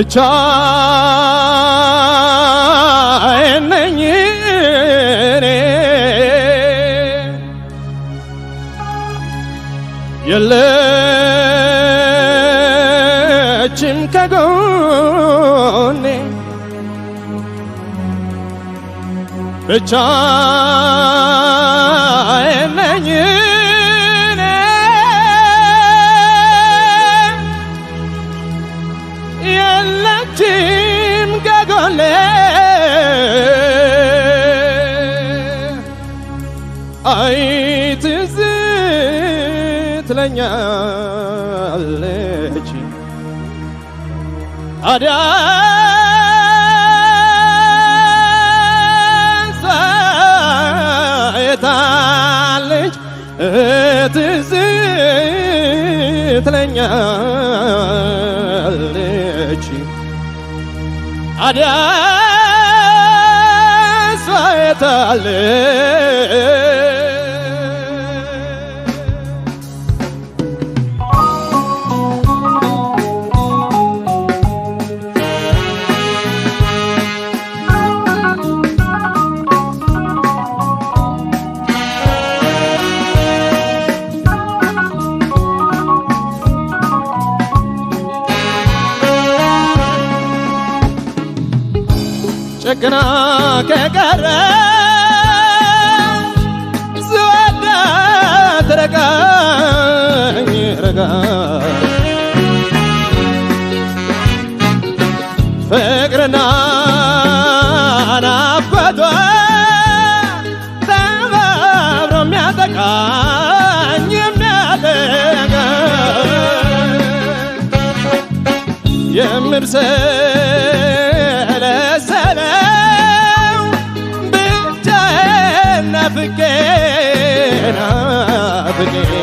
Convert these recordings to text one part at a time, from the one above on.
ብቻዬን ነኝ እኔ የለችም ከጎኔ ብቻዬን ነኝ የታለች ትዝ ትለኛለች አዳንሳየታለች ገና ከቀረ ስወዳ ትረቃኝ ረጋ ፍቅርና ናፍቆቷ ተባብሮ የሚያጠቃ የምርሰ the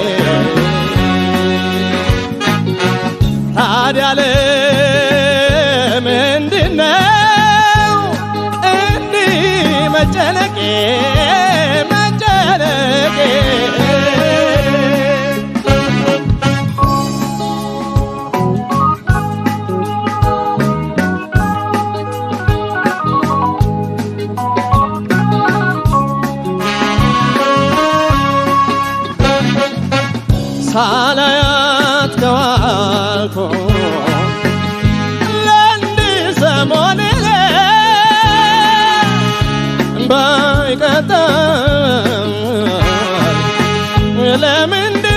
ሰሞንህ ባይቀጠም ለምንድነው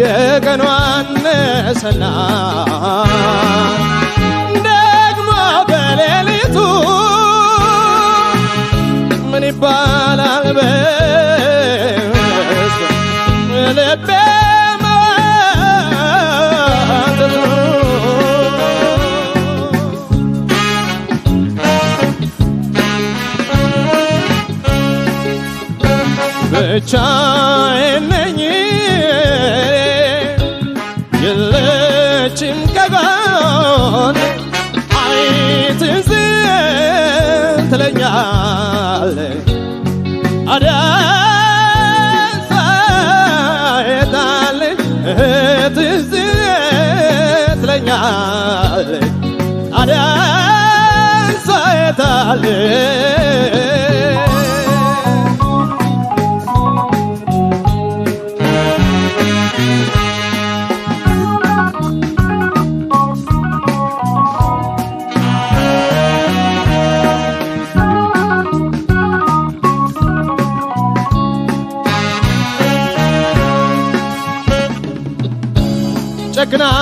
የቀኗ አነሰና ደግሞ በሌሊቱ ምን ይባላል? አደንሳታለች ትዝ Good night.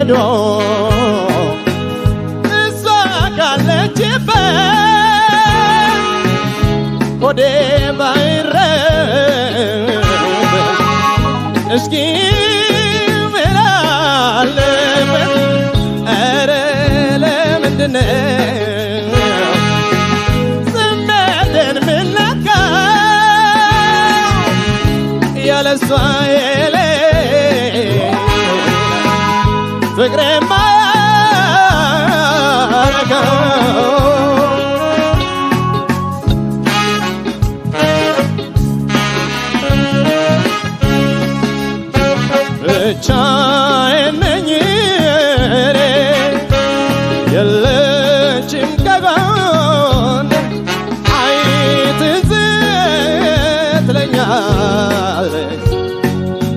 ሄዶ እሷ ካለችበት ሆዴ ባይረብ እስኪ ምን ኧረ ለምንድነው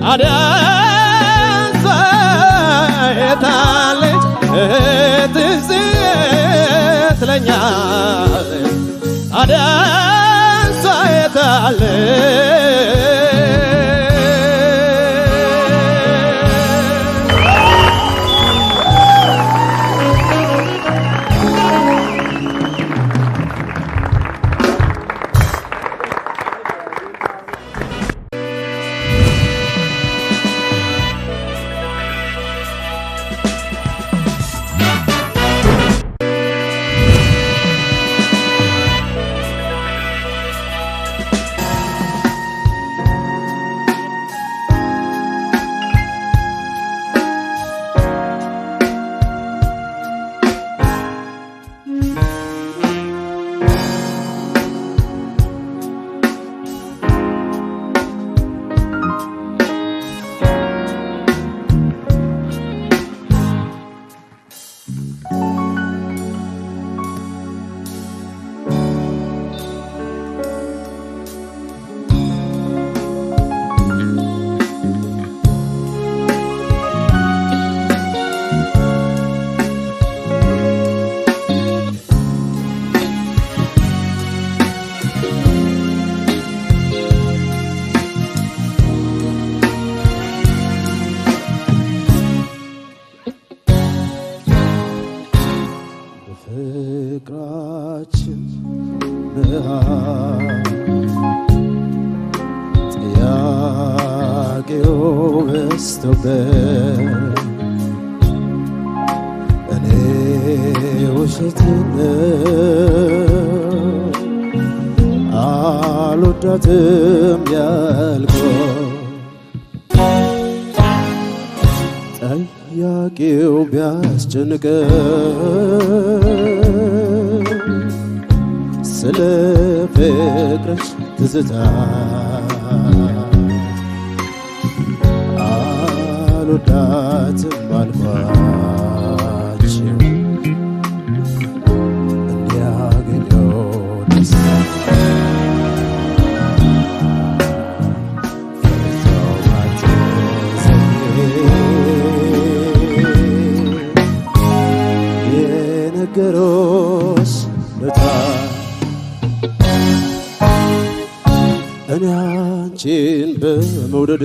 ያለ ስቶበት እኔ ውሸት አልወዳትም ያልከው ጠያቂው ቢያስጨንቀኝ ስለ ፍቅርሽ ትዝታ አልወዳትም አልኳች እንዲያገኘው ደስ የነገሮች ለታ እኔ አንቺን በመውደዴ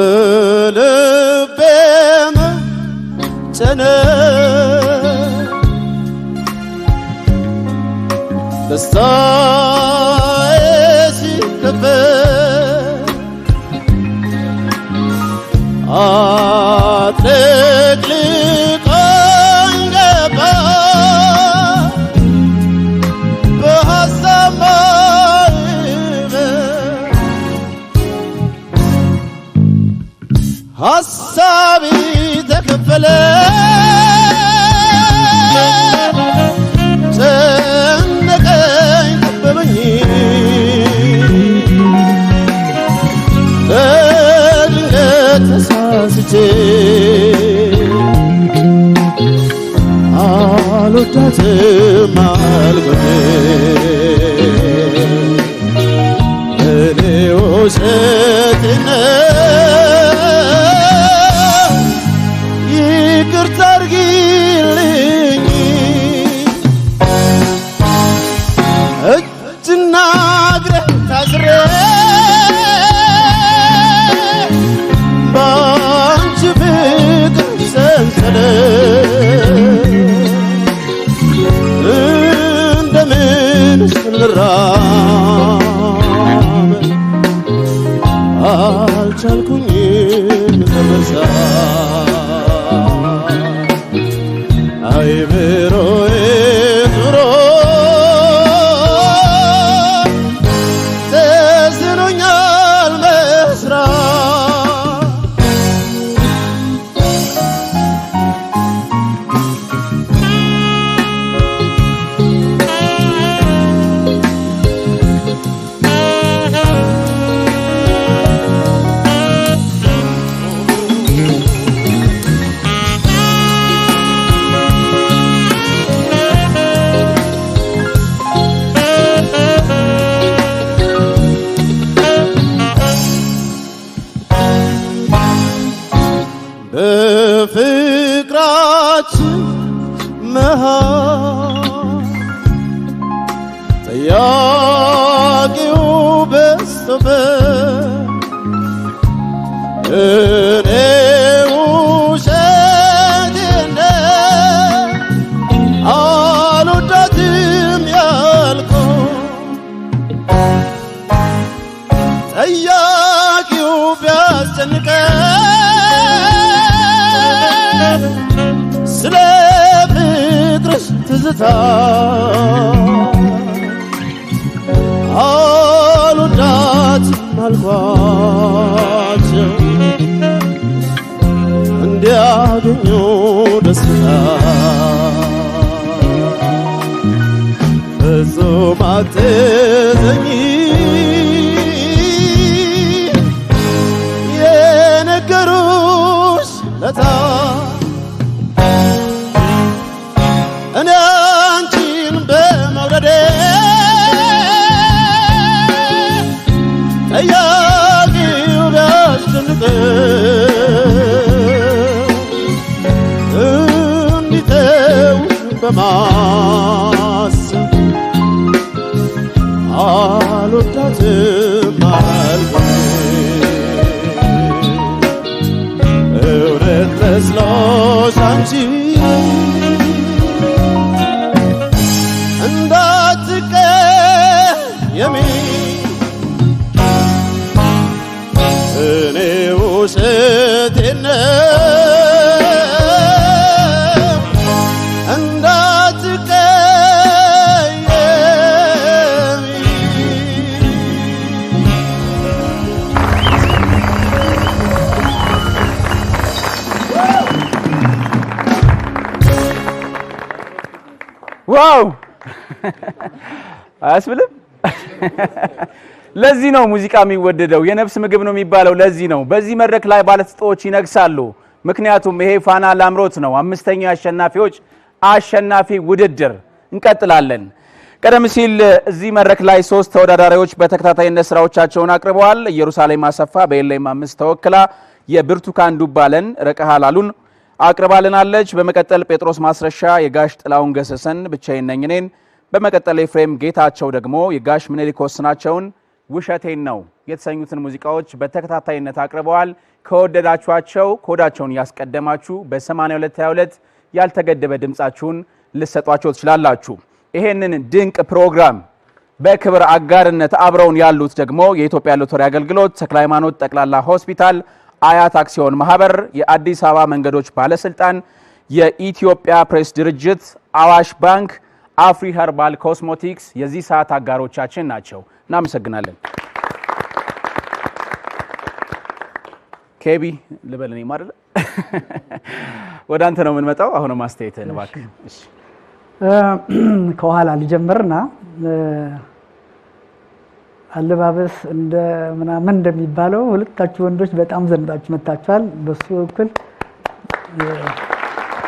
Gönül beni tene Desta esi kafe Ah አለ ጨነቀኝ ከበበኝ በድንገት ተሳስቼ አልወዳትም ጠያቂው ቢያስጨንቀን ስለ ፍቅርሽ ትዝታ አሉዳት አልኳቸው እንዲያገኙ ደስታ ፍጹም አትዘኝ በማሰብ አልወዳትም እውነት መስሎሽ አንቺ አያስብልም። ለዚህ ነው ሙዚቃ የሚወደደው፣ የነፍስ ምግብ ነው የሚባለው። ለዚህ ነው በዚህ መድረክ ላይ ባለስጦዎች ይነግሳሉ። ምክንያቱም ይሄ ፋና ላምሮት ነው። አምስተኛው አሸናፊዎች አሸናፊ ውድድር እንቀጥላለን። ቀደም ሲል እዚህ መድረክ ላይ ሶስት ተወዳዳሪዎች በተከታታይነት ስራዎቻቸውን አቅርበዋል። ኢየሩሳሌም አሰፋ በኤሌም አምስት ተወክላ የብርቱካን ዱባለን ረቀሃላሉን አቅርባልናለች። በመቀጠል ጴጥሮስ ማስረሻ የጋሽ ጥላውን ገሰሰን ብቻዬን ነኝ እኔን በመቀጠል ኤፍሬም ጌታቸው ደግሞ የጋሽ ምኒልክ ወስናቸውን ውሸቴን ነው የተሰኙትን ሙዚቃዎች በተከታታይነት አቅርበዋል። ከወደዳችኋቸው ኮዳቸውን እያስቀደማችሁ በ8222 ያልተገደበ ድምፃችሁን ልሰጧቸው ትችላላችሁ። ይሄንን ድንቅ ፕሮግራም በክብር አጋርነት አብረውን ያሉት ደግሞ የኢትዮጵያ ሎተሪ አገልግሎት፣ ተክለ ሃይማኖት ጠቅላላ ሆስፒታል፣ አያት አክሲዮን ማህበር፣ የአዲስ አበባ መንገዶች ባለስልጣን፣ የኢትዮጵያ ፕሬስ ድርጅት፣ አዋሽ ባንክ አፍሪ ኸርባል ኮስሞቲክስ የዚህ ሰዓት አጋሮቻችን ናቸው። እናመሰግናለን። ኬቢ ልበል እኔ ማደለ ወደ አንተ ነው የምንመጣው። አሁን ማስተያየት እባክህ። ከኋላ ልጀምርና አለባበስ እንደ ምናምን እንደሚባለው ሁለታችሁ ወንዶች በጣም ዘንጣችሁ መታችኋል። በሱ እኩል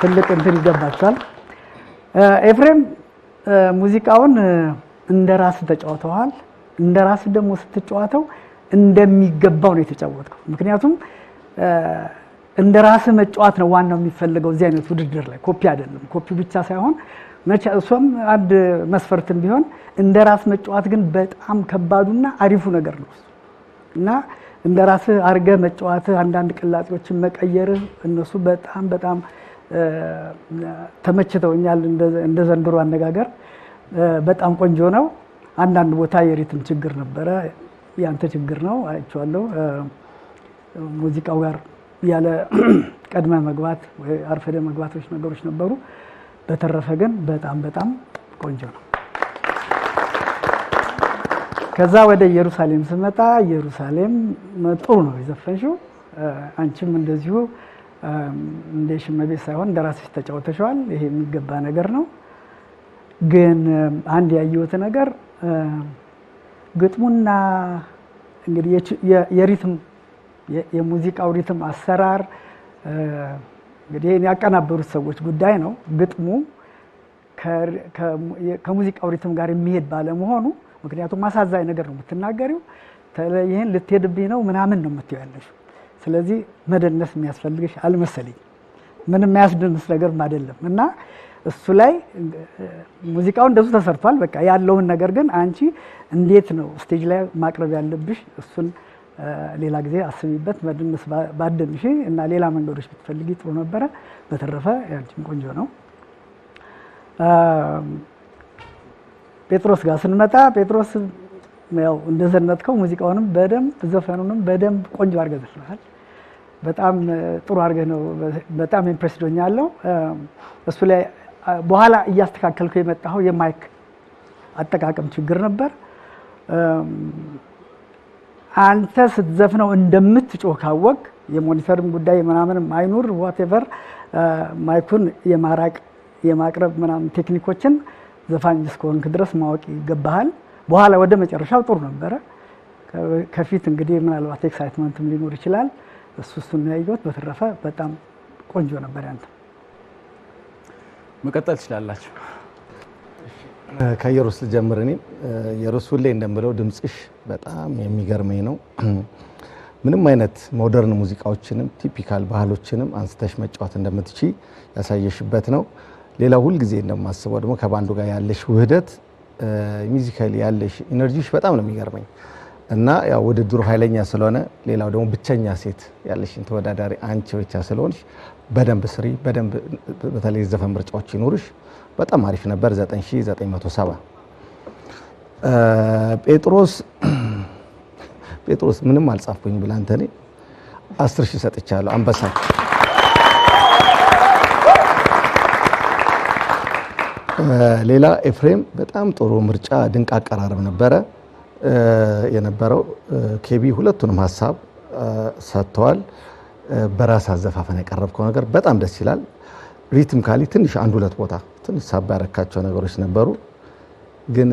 ትልቅ እንትን ይገባችኋል ኤፍሬም ሙዚቃውን እንደ ራስ ተጫውተዋል። እንደ ራስ ደግሞ ስትጫወተው እንደሚገባው ነው የተጫወተው። ምክንያቱም እንደ ራስ መጫወት ነው ዋናው የሚፈልገው እዚህ አይነት ውድድር ላይ ኮፒ አይደለም። ኮፒ ብቻ ሳይሆን መቼ እሷም አንድ መስፈርትም ቢሆን እንደ ራስ መጫወት ግን በጣም ከባዱና አሪፉ ነገር ነው እና እንደ ራስህ አድርገህ መጫወትህ አንዳንድ ቅላጼዎችን መቀየርህ እነሱ በጣም በጣም ተመችተውኛል። እንደ ዘንድሮ አነጋገር በጣም ቆንጆ ነው። አንዳንድ ቦታ የሪትም ችግር ነበረ። ያንተ ችግር ነው አይቼዋለሁ። ሙዚቃው ጋር ያለ ቀድመ መግባት ወይ አርፈደ መግባቶች ነገሮች ነበሩ። በተረፈ ግን በጣም በጣም ቆንጆ ነው። ከዛ ወደ ኢየሩሳሌም ስመጣ ኢየሩሳሌም ጥሩ ነው የዘፈንሽው አንቺም እንደዚሁ እንደ ሽመቤት ሳይሆን እንደ ራስሽ ተጫውተሽዋል። ይሄ የሚገባ ነገር ነው። ግን አንድ ያየሁት ነገር ግጥሙና እንግዲህ የሪትም የሙዚቃው ሪትም አሰራር እንግዲህ ያቀናበሩት ሰዎች ጉዳይ ነው። ግጥሙ ከሙዚቃው ሪትም ጋር የሚሄድ ባለመሆኑ ምክንያቱም አሳዛኝ ነገር ነው የምትናገሪው። ይህን ልትሄድብኝ ነው ምናምን ነው የምትይው ያለሽው ስለዚህ መደነስ የሚያስፈልግሽ አልመሰለኝ። ምንም የሚያስደንስ ነገር አይደለም እና እሱ ላይ ሙዚቃው እንደሱ ተሰርቷል። በቃ ያለውን ነገር ግን አንቺ እንዴት ነው ስቴጅ ላይ ማቅረብ ያለብሽ እሱን ሌላ ጊዜ አስቢበት። መደነስ ባደንሽ እና ሌላ መንገዶች ብትፈልጊ ጥሩ ነበረ። በተረፈ ያንቺም ቆንጆ ነው። ጴጥሮስ ጋር ስንመጣ ጴጥሮስ ያው እንደዘነጥከው ሙዚቃውንም በደንብ ዘፈኑንም በደንብ ቆንጆ አድርገህ ዘፍነሃል። በጣም ጥሩ አድርገህ ነው። በጣም ኢምፕሬስድ ሆኛለሁ። እሱ ላይ በኋላ እያስተካከልኩ የመጣው የማይክ አጠቃቀም ችግር ነበር። አንተ ስትዘፍነው እንደምትጮህ ካወቅ የሞኒተርም ጉዳይ የምናምን አይኑር ዋቴቨር ማይኩን የማራቅ የማቅረብ ምናምን ቴክኒኮችን ዘፋኝ እስከሆንክ ድረስ ማወቅ ይገባሃል። በኋላ ወደ መጨረሻው ጥሩ ነበረ። ከፊት እንግዲህ ምናልባት ኤክሳይትመንትም ሊኖር ይችላል። እሱ እሱን ያየሁት። በተረፈ በጣም ቆንጆ ነበር። ያንተ መቀጠል ትችላላችሁ። ከኢየሩስ ልጀምር። እኔ ኢየሩስ ሁሌ እንደምለው ድምፅሽ በጣም የሚገርመኝ ነው። ምንም አይነት ሞደርን ሙዚቃዎችንም ቲፒካል ባህሎችንም አንስተሽ መጫወት እንደምትች ያሳየሽበት ነው። ሌላ ሁልጊዜ እንደማስበው ደግሞ ከባንዱ ጋር ያለሽ ውህደት ሚዚካሊ ያለሽ ኢነርጂሽ በጣም ነው የሚገርመኝ። እና ያው ውድድሩ ኃይለኛ ስለሆነ ሌላው ደግሞ ብቸኛ ሴት ያለሽን ተወዳዳሪ አንቺ ብቻ ስለሆንሽ በደንብ ስሪ፣ በደንብ በተለይ ዘፈን ምርጫዎች ይኑርሽ። በጣም አሪፍ ነበር 9907 ጴጥሮስ ጴጥሮስ ምንም አልጻፍኩኝ ብላ አንተ እኔ አስር ሺህ ሰጥቻለሁ። አንበሳ ሌላ ኤፍሬም በጣም ጥሩ ምርጫ፣ ድንቅ አቀራረብ ነበረ። የነበረው ኬቢ ሁለቱንም ሀሳብ ሰጥተዋል። በራስ አዘፋፈን ያቀረብከው ነገር በጣም ደስ ይላል። ሪትም ካሊ ትንሽ አንድ ሁለት ቦታ ትንሽ ሳብ ያረካቸው ነገሮች ነበሩ፣ ግን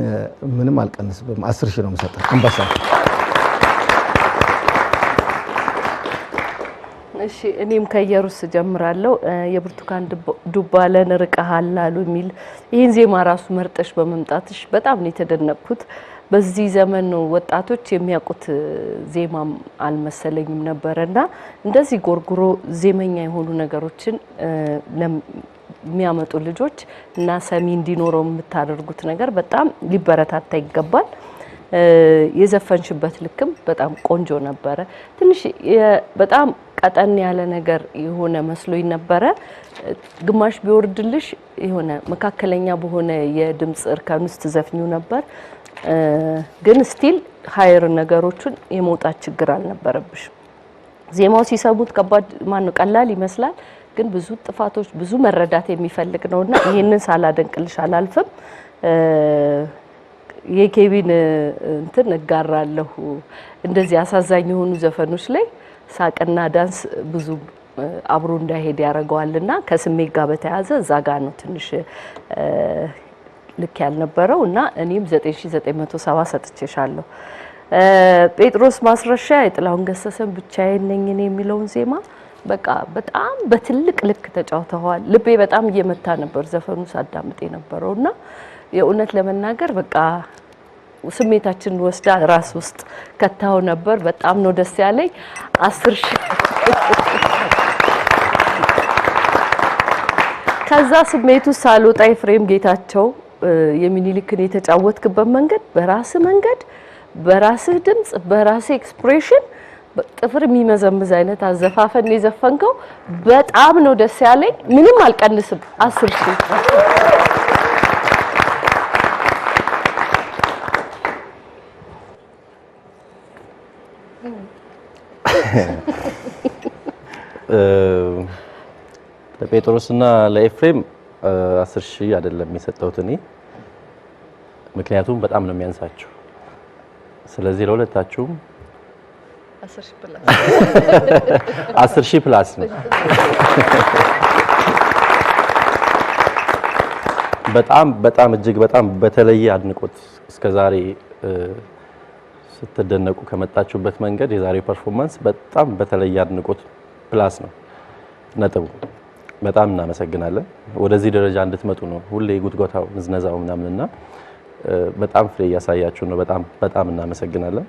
ምንም አልቀንስብም። አስር ሺ ነው የምሰጠው። አንበሳ። እሺ እኔም ከየሩስ ጀምራለሁ። የብርቱካን ዱባ ለን ርቀሃል የሚል ይህን ዜማ ራሱ መርጠሽ በመምጣትሽ በጣም ነው የተደነቅኩት። በዚህ ዘመን ነው ወጣቶች የሚያውቁት ዜማም አልመሰለኝም ነበረና እንደዚህ ጎርጉሮ ዜመኛ የሆኑ ነገሮችን የሚያመጡ ልጆች እና ሰሚ እንዲኖረው የምታደርጉት ነገር በጣም ሊበረታታ ይገባል። የዘፈንሽበት ልክም በጣም ቆንጆ ነበረ። ትንሽ በጣም ቀጠን ያለ ነገር የሆነ መስሎኝ ነበረ። ግማሽ ቢወርድልሽ የሆነ መካከለኛ በሆነ የድምፅ እርከን ውስጥ ዘፍኙ ነበር። ግን ስቲል ሀይር ነገሮቹን የመውጣት ችግር አልነበረብሽም። ዜማው ሲሰሙት ከባድ ማነው ቀላል ይመስላል፣ ግን ብዙ ጥፋቶች ብዙ መረዳት የሚፈልግ ነውና ይህንን ሳላደንቅልሽ አላልፍም። የኬቢን እንትን እጋራለሁ። እንደዚህ አሳዛኝ የሆኑ ዘፈኖች ላይ ሳቅና ዳንስ ብዙ አብሮ እንዳይሄድ ያደርገዋልና ከስሜት ጋር በተያያዘ እዛ ነው ትንሽ ልክ ያልነበረው እና እኔም 9970 ሰጥቼሻለሁ። ጴጥሮስ ማስረሻ የጥላሁን ገሰሰን ብቻዬን ነኝ እኔ የሚለውን ዜማ በቃ በጣም በትልቅ ልክ ተጫውተዋል። ልቤ በጣም እየመታ ነበር ዘፈኑ ሳዳምጥ የነበረው እና የእውነት ለመናገር በቃ ስሜታችን ወስዳ ራስ ውስጥ ከታው ነበር። በጣም ነው ደስ ያለኝ። አስር ከዛ ስሜቱ ሳልወጣ ኤፍሬም ጌታቸው የሚኒሊክን የተጫወትክበት መንገድ በራስ መንገድ በራስህ ድምጽ በራስህ ኤክስፕሬሽን ጥፍር የሚመዘምዝ አይነት አዘፋፈን የዘፈንከው በጣም ነው ደስ ያለኝ። ምንም አልቀንስም። አስር ሺህ ለጴጥሮስና ለኤፍሬም አስር ሺህ አይደለም የሰጠሁት እኔ ምክንያቱም በጣም ነው የሚያንሳችሁ። ስለዚህ ለሁለታችሁም አስር ሺህ ፕላስ ነው። በጣም በጣም እጅግ በጣም በተለየ አድንቆት እስከዛሬ ስትደነቁ ከመጣችሁበት መንገድ የዛሬው ፐርፎርማንስ በጣም በተለየ አድንቆት ፕላስ ነው ነጥቡ። በጣም እናመሰግናለን። ወደዚህ ደረጃ እንድትመጡ ነው ሁሌ ጉትጎታው ምዝነዛው ምናምንና በጣም ፍሬ እያሳያችሁ ነው። በጣም በጣም እናመሰግናለን።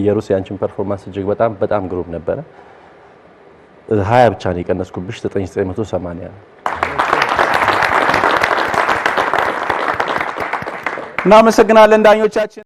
እየሩስ ያንቺን ፐርፎርማንስ እጅግ በጣም በጣም ግሩም ነበረ። ሀያ ብቻ ነው የቀነስኩብሽ 9980 ነው። እናመሰግናለን ዳኞቻችን።